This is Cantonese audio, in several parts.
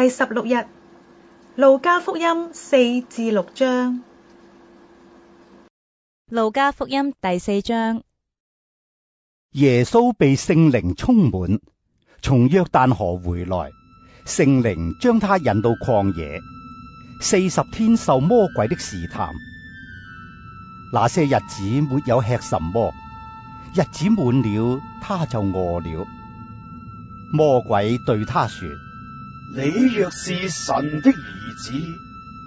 第十六日，路加福音四至六章。路加福音第四章，耶穌被聖靈充滿，從約旦河回來，聖靈將他引到曠野，四十天受魔鬼的試探。那些日子沒有吃什麼，日子滿了，他就餓了。魔鬼對他說，你若是神的兒子，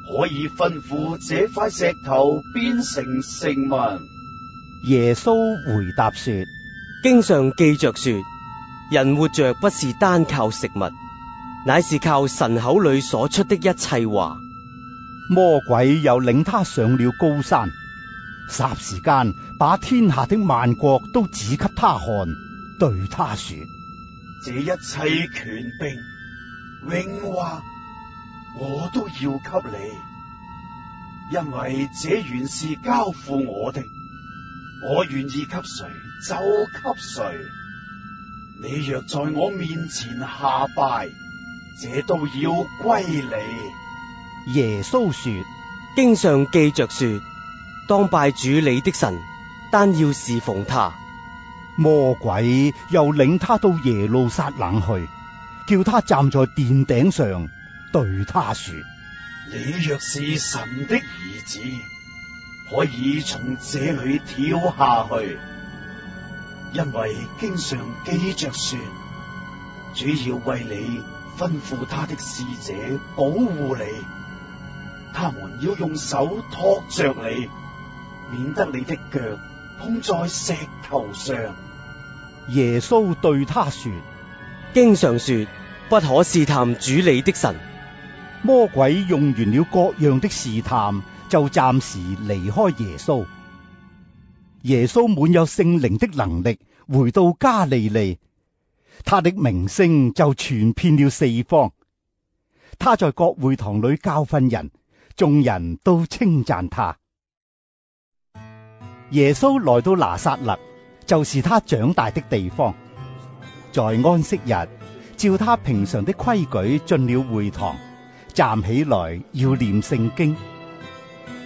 可以吩咐這塊石頭變成食物。耶穌回答說：經常記着說，人活着不是單靠食物，乃是靠神口裏所出的一切話。魔鬼又領他上了高山，霎時間把天下的萬國都指給他看，對他說：這一切權柄。榮華，我都要給你，因為這原是交付我的。我願意給誰就給誰。你若在我面前下拜，這都要歸你。耶穌說，經上記着說，當拜主你的神，單要侍奉他。魔鬼又領他到耶路撒冷去。嗯叫他站在殿頂上，對他說：你若是神的兒子，可以從這裏跳下去，因為經常記着說，主要為你吩咐他的使者保護你，他們要用手托着你，免得你的腳碰在石頭上。耶穌對他說。經常說，不可試探主理的神。魔鬼用完了各樣的試探，就暫時離開耶穌。耶穌滿有聖靈的能力，回到加利利，他的名聲就傳遍了四方。他在各會堂裏教訓人，眾人都稱讚他。耶穌來到拿撒勒，就是他長大的地方。在安息日，照他平常的規矩進了會堂，站起來要念聖經。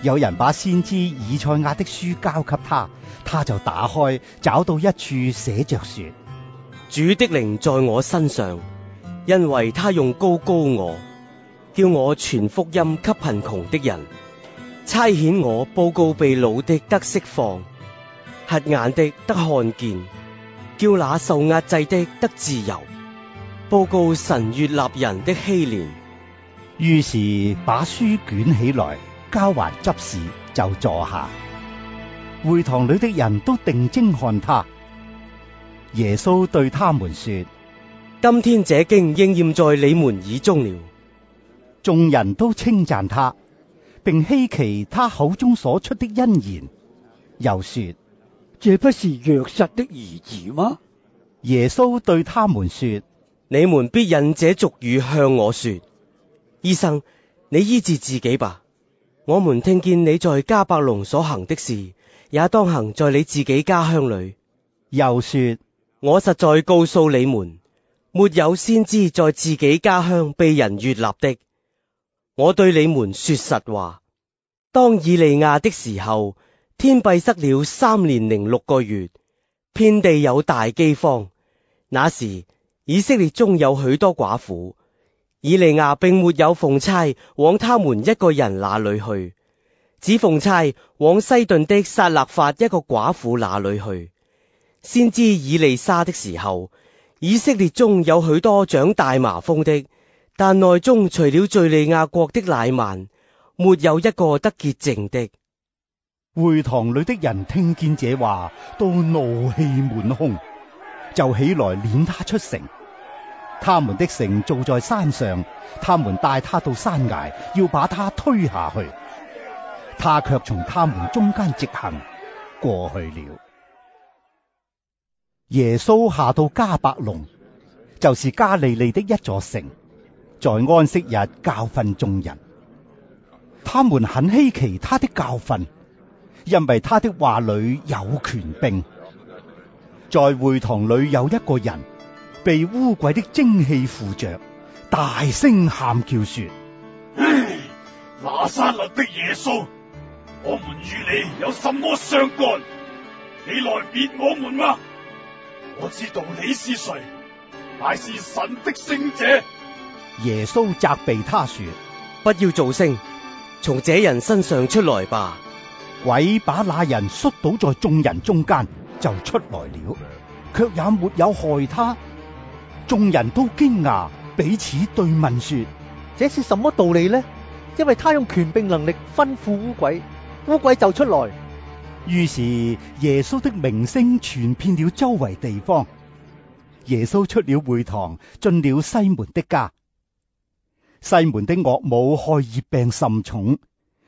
有人把先知以賽亞的書交給他，他就打開，找到一處寫着說：主的靈在我身上，因為他用膏膏我，叫我傳福音給貧窮的人，差遣我報告被擄的得釋放，瞎眼的得看見。叫那受壓制的得自由，報告神悅納人的禧年。於是把書捲起來交還執事，就坐下。會堂裏的人都定睛看他。耶穌對他們說：今天這經應驗在你們耳中了。眾人都稱讚他，並稀奇他口中所出的恩言。又說。這不是約瑟的兒子嗎？耶穌對他們說：你們必引這俗語向我說：醫生，你醫治自己吧。我們聽見你在迦百農所行的事，也當行在你自己家鄉裏。又說：我實在告訴你們，沒有先知在自己家鄉被人悅納的。我對你們說實話，當以利亞的時候。天閉塞了三年零六個月，遍地有大饑荒。那時以色列中有許多寡婦，以利亞並沒有奉差往他們一個人那裏去，只奉差往西頓的撒勒法一個寡婦那裏去。先知以利沙的時候，以色列中有許多長大麻風的，但內中除了敘利亞國的乃曼，沒有一個得潔淨的。會堂裏的人聽見這話，都怒氣滿胸，就起來攆他出城。他們的城造在山上，他們帶他到山崖，要把他推下去。他卻從他們中間直行，過去了。耶穌下到迦百農，就是加利利的一座城，在安息日教訓眾人。他們很希奇他的教訓。因為他的話裏有權柄，在會堂裏有一個人被污鬼的精氣附着，大聲喊叫說：唉，拿撒勒的耶穌，我們與你有什麼相干？你來滅我們嗎？我知道你是誰，乃是神的聖者。耶穌責備他說：不要做聲，從這人身上出來吧。鬼把那人摔倒在眾人中間，就出來了，卻也沒有害他。眾人都驚訝，彼此對問說：這是什麼道理呢？因為他用權柄能力吩咐污鬼，污鬼就出來。於是耶穌的名聲傳遍了周圍地方。耶穌出了會堂，進了西門的家。西門的岳母害熱病甚重，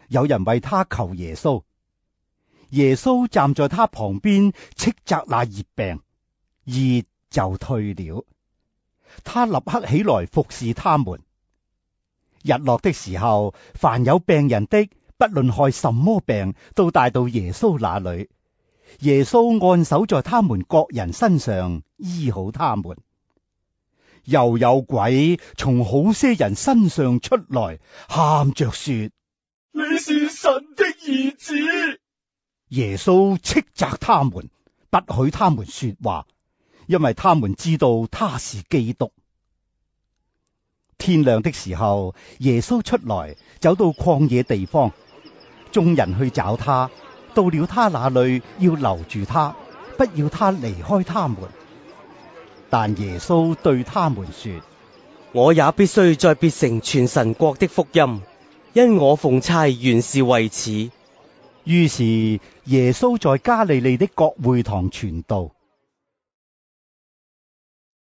有人為他求耶穌。耶穌站在他旁邊斥責那熱病，熱就退了。他立刻起來服侍他們。日落的時候，凡有病人的，不論害什麼病，都帶到耶穌那裏。耶穌按手在他們各人身上，醫好他們。又有鬼從好些人身上出來，喊着說：你是神的兒子。耶穌斥責他們，不許他們說話，因為他們知道他是基督。天亮的時候，耶穌出來，走到曠野地方，眾人去找他，到了他那裏，要留住他，不要他離開他們。但耶穌對他們說：我也必須在別城傳神國的福音，因我奉差原是為此。於是耶穌在加利利的各會堂傳道，《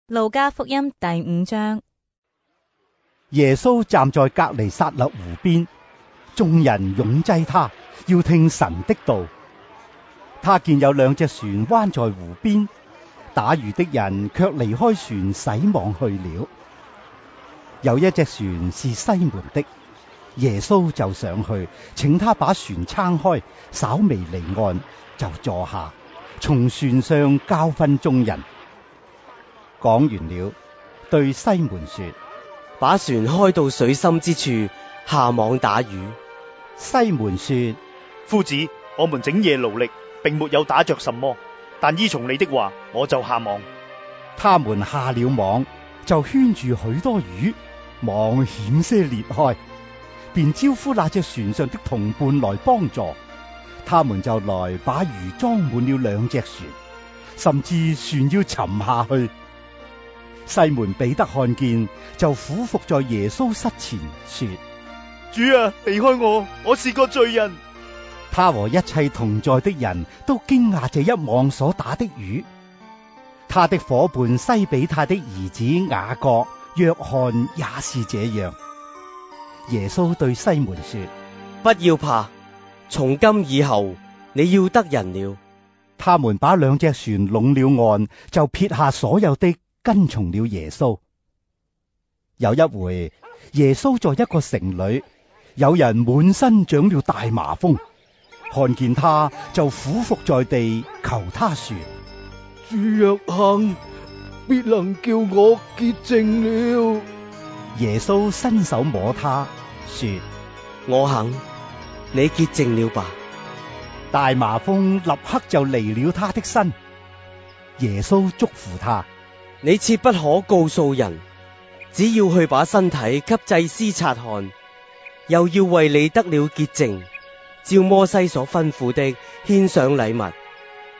路加福音》第五章。耶穌站在革尼撒勒湖邊，眾人擁擠他，要聽神的道。他見有兩隻船灣在湖邊，打魚的人卻離開船洗網去了。有一隻船是西門的。耶穌就上去，請他把船撐開，稍微離岸就坐下，從船上教訓眾人。講完了，對西門說：把船開到水深之處，下網打魚。西門說：夫子，我們整夜勞力，並沒有打着什麼，但依從你的話，我就下網。他們下了網，就圈住許多魚，網險些裂開。便招呼那隻船上的同伴來幫助，他們就來把魚裝滿了兩隻船，甚至船要沉下去。西門彼得看見，就俯伏在耶穌膝前說：主啊，離開我，我是個罪人。他和一切同在的人都驚訝這一網所打的魚。他的伙伴西比泰的兒子雅各、約翰也是這樣。耶穌對西門說：不要怕，從今以後你要得人了。他們把兩隻船攏了岸，就撇下所有的，跟從了耶穌。有一回，耶穌在一個城裏，有人滿身長了大麻風，看見他就俯伏在地求他說：主若肯，必能叫我潔淨了。耶穌伸手摸他。說：我肯，你潔淨了吧。大麻風立刻就離了他的身。耶穌祝福他。你切不可告訴人，只要去把身體給祭司察看，又要為你得了潔淨，照摩西所吩咐的，獻上禮物，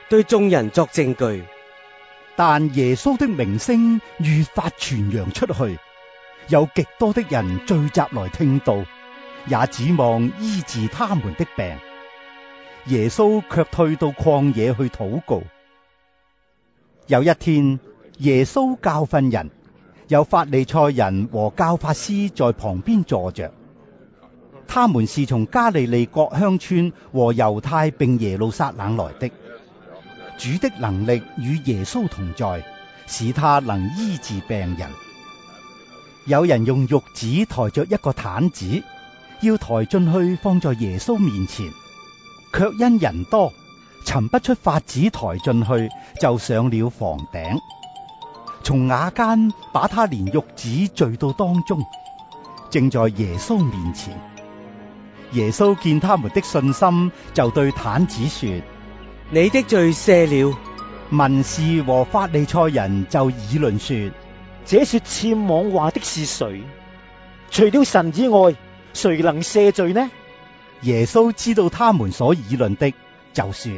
對眾人作證據。但耶穌的名聲愈發傳揚出去。有極多的人聚集來聽道，也指望醫治他們的病。耶穌卻退到曠野去禱告。有一天，耶穌教訓人，有法利賽人和教法師在旁邊坐着。他們是從加利利各鄉村和猶太並耶路撒冷來的。主的能力與耶穌同在，使他能醫治病人。有人用褥子抬着一個毯子，要抬進去放在耶穌面前，卻因人多，尋不出法子抬進去，就上了房頂，從瓦間把他連褥子墜到當中，正在耶穌面前。耶穌見他們的信心，就對毯子說：你的罪赦了。文士和法利賽人就議論說。這說僭妄話的是誰？除了神以外，誰能赦罪呢？耶穌知道他們所議論的，就說：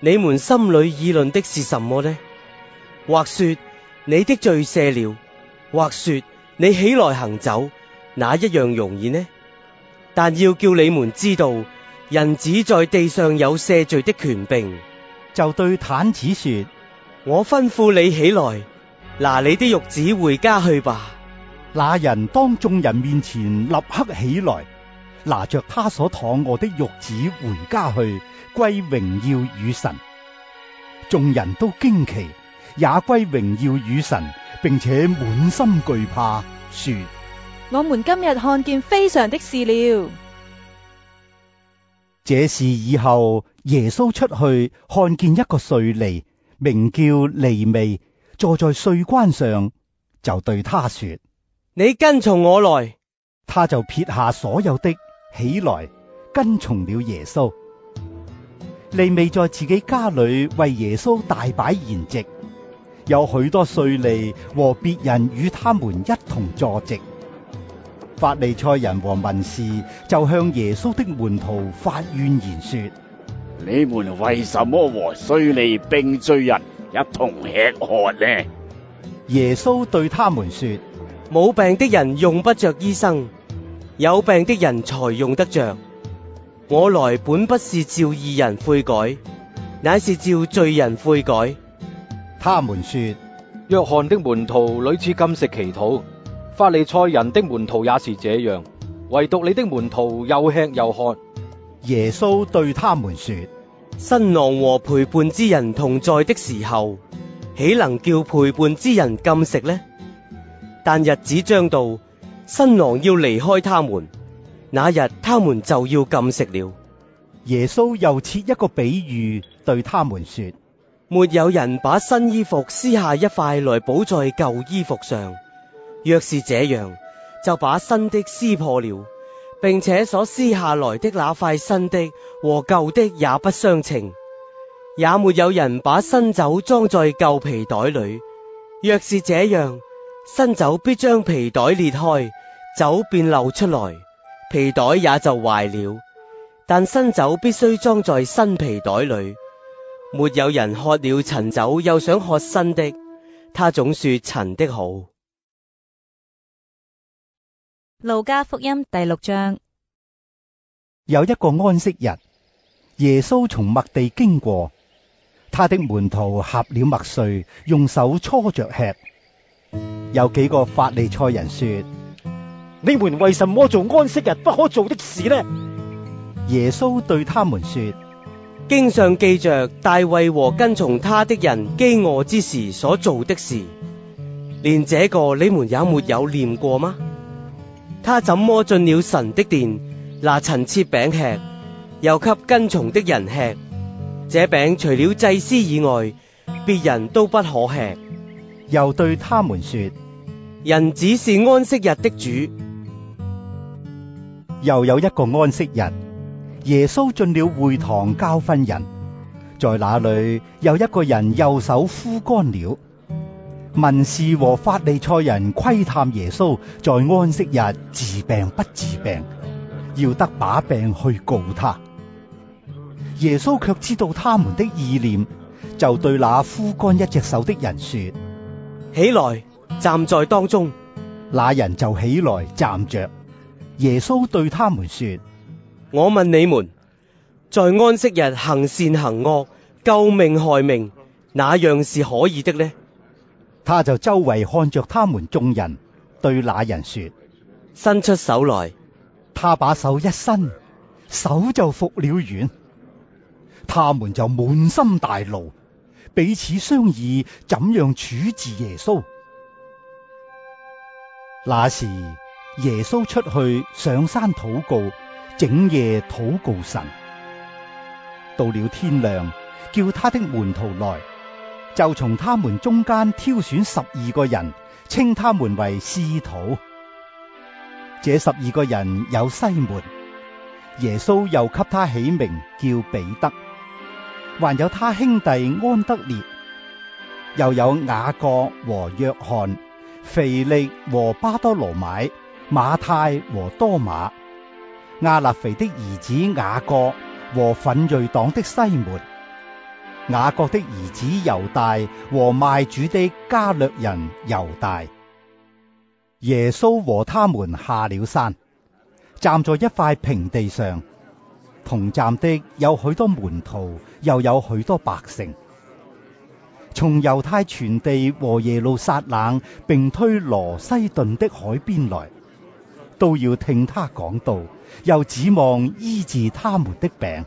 你們心裏議論的是什麼呢？或說你的罪赦了，或說你起來行走，哪一樣容易呢？但要叫你們知道，人只在地上有赦罪的權柄。就對癱子說：我吩咐你起來。拿你啲褥子回家去吧。那人當眾人面前立刻起來，拿着他所躺臥的褥子回家去，歸榮耀與神。眾人都驚奇，也歸榮耀與神，並且滿心懼怕，說：我們今日看見非常的事了。這事以後耶穌出去看見一個稅吏，名叫利未。坐在稅關上，就對他說：你跟從我來。他就撇下所有的，起來跟從了耶穌。利未在自己家裏為耶穌大擺筵席，有許多稅吏和別人與他們一同坐席。法利賽人和文士就向耶穌的門徒發怨言說：你們為什麼和稅吏並罪人？一同吃喝咧、啊。耶穌對他們說：冇病的人用不着醫生，有病的人才用得着。我來本不是召義人悔改，乃是召罪人悔改。他們說：約翰的門徒屢次禁食祈禱，法利賽人的門徒也是這樣，唯獨你的門徒又吃又喝。耶穌對他們說。新郎和陪伴之人同在的時候，豈能叫陪伴之人禁食呢？但日子將到，新郎要離開他們，那日他們就要禁食了。耶穌又設一個比喻對他們說：沒有人把新衣服撕下一塊來補在舊衣服上，若是這樣，就把新的撕破了。並且所撕下來的那塊新的和舊的也不相稱，也沒有人把新酒裝在舊皮袋裏。若是這樣，新酒必將皮袋裂開，酒便漏出來，皮袋也就壞了。但新酒必須裝在新皮袋裏。沒有人喝了陳酒又想喝新的，他總說陳的好。路加福音第六章，有一個安息日，耶穌從麥地經過，他的門徒合了麥穗，用手搓着吃。有幾個法利賽人說：你們為什麼做安息日不可做的事呢？耶穌對他們說：經上記着大衛和跟從他的人飢餓之時所做的事，連這個你們也沒有念過嗎？他怎麼進了神的殿，拿陳設餅吃，又給跟從的人吃。這餅除了祭司以外，別人都不可吃。又對他們說：人子是安息日的主。又有一個安息日，耶穌進了會堂教訓人，在那裏有一個人右手枯乾了。文士和法利賽人窺探耶穌在安息日治病不治病，要得把柄去告他。耶穌卻知道他們的意念，就對那枯乾一隻手的人說：起來，站在當中。那人就起來站着。耶穌對他們說：我問你們，在安息日行善行惡、救命害命，哪樣是可以的呢？他就周圍看着他們眾人，對那人說：伸出手來。他把手一伸，手就復了原。他們就滿心大怒，彼此商議怎樣處置耶穌。那時耶穌出去上山禱告，整夜禱告神。到了天亮，叫他的門徒來。就從他們中間挑選十二個人，稱他們為使徒。這十二個人有西門，耶穌又給他起名叫彼得；還有他兄弟安德烈，又有雅各和約翰，腓力和巴多羅買，馬太和多馬，亞勒腓的兒子雅各和奮銳黨的西門。雅各的兒子猶大和賣主的加略人猶大，耶穌和他們下了山，站在一塊平地上。同站的有許多門徒，又有許多百姓，從猶太全地和耶路撒冷，並推羅西頓的海邊來，都要聽他講道，又指望醫治他們的病。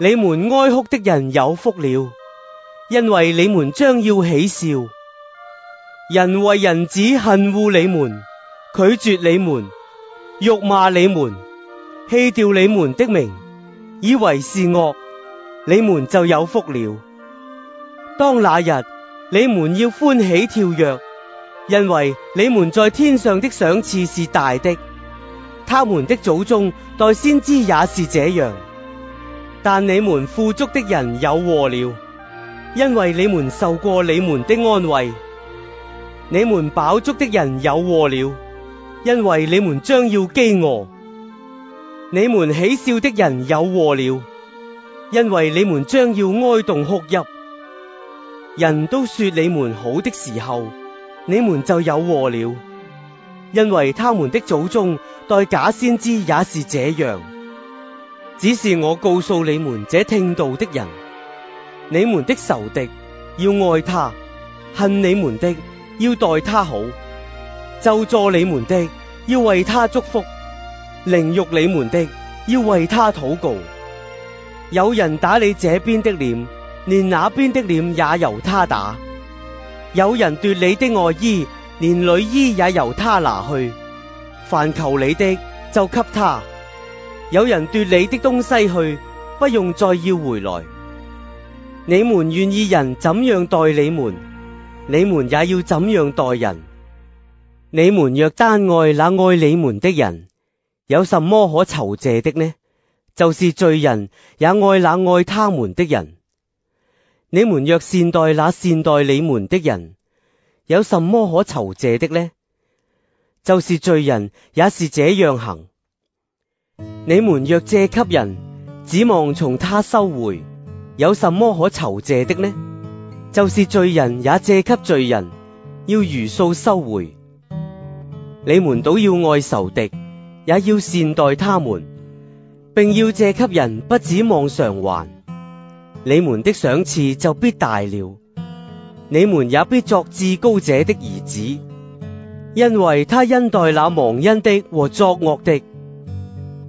你們哀哭的人有福了，因為你們將要喜笑。人為人子恨惡你們，拒絕你們，辱罵你們，棄掉你們的名，以為是惡，你們就有福了。當那日，你們要歡喜跳躍，因為你們在天上的賞賜是大的。他們的祖宗待先知也是這樣。但你們富足的人有禍了，因為你們受過你們的安慰；你們飽足的人有禍了，因為你們將要飢餓；你們喜笑的人有禍了，因為你們將要哀慟哭泣。人都說你們好的時候，你們就有禍了，因為他們的祖宗待假先知也是這樣。只是我告訴你們這聽道的人，你們的仇敵要愛他，恨你們的要待他好，咒詛你們的要為他祝福，凌辱你們的要為他禱告。有人打你這邊的臉，連那邊的臉也由他打；有人奪你的外衣，連裡衣也由他拿去。凡求你的，就給他。有人奪你的東西去，不用再要回來。你們願意人怎樣待你們，你們也要怎樣待人。你們若單愛那愛你們的人，有什麼可酬謝的呢？就是罪人也愛那愛他們的人。你們若善待那善待你們的人，有什麼可酬謝的呢？就是罪人也是這樣行。你們若借給人，指望從他收回，有什麼可酬謝的呢？就是罪人也借給罪人，要如數收回。你們都要愛仇敵，也要善待他們，並要借給人，不指望償還。你們的賞賜就必大了。你們也必作至高者的兒子，因為他恩待那忘恩的和作惡的。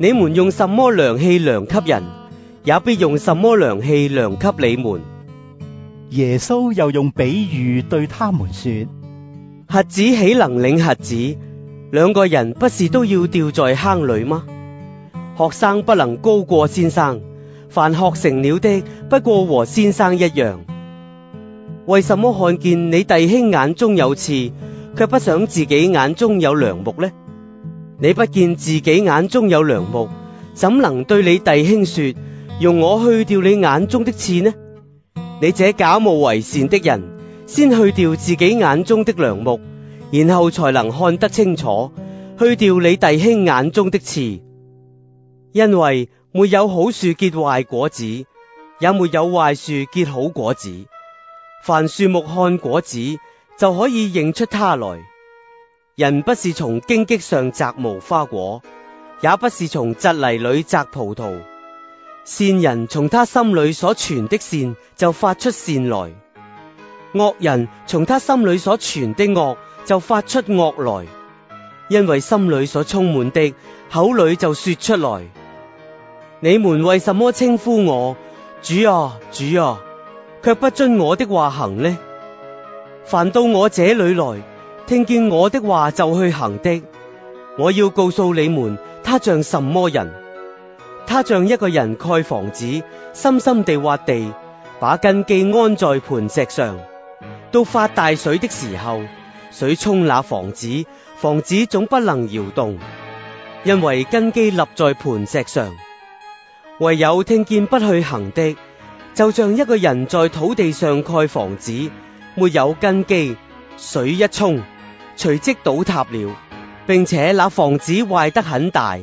你們用什麼量器量給人，也必用什麼量器量給你們。耶穌又用比喻對他們說：瞎子豈能領瞎子？兩個人不是都要掉在坑裏嗎？學生不能高過先生，凡學成了的，不過和先生一樣。為什麼看見你弟兄眼中有刺，卻不想自己眼中有梁木呢？你不見自己眼中有梁木，怎能對你弟兄說用我去掉你眼中的刺呢？你這假冒為善的人，先去掉自己眼中的梁木，然後才能看得清楚，去掉你弟兄眼中的刺。因為沒有好樹結壞果子，也沒有壞樹結好果子。凡樹木看果子，就可以認出他來。人不是從荊棘上摘無花果，也不是從蒺藜裏摘葡萄。善人從他心裏所存的善就發出善來，惡人從他心裏所存的惡就發出惡來。因為心裏所充滿的，口裏就說出來。你們為什麼稱呼我主啊，主啊，卻不遵我的話行呢？凡到我這裏來。聽見我的話就去行的，我要告訴你們，他像什麼人？他像一個人蓋房子，深深地挖地，把根基安在磐石上。到發大水的時候，水沖那房子，房子總不能搖動，因為根基立在磐石上。唯有聽見不去行的，就像一個人在土地上蓋房子，沒有根基，水一沖。隨即倒塌了，並且那房子壞得很大。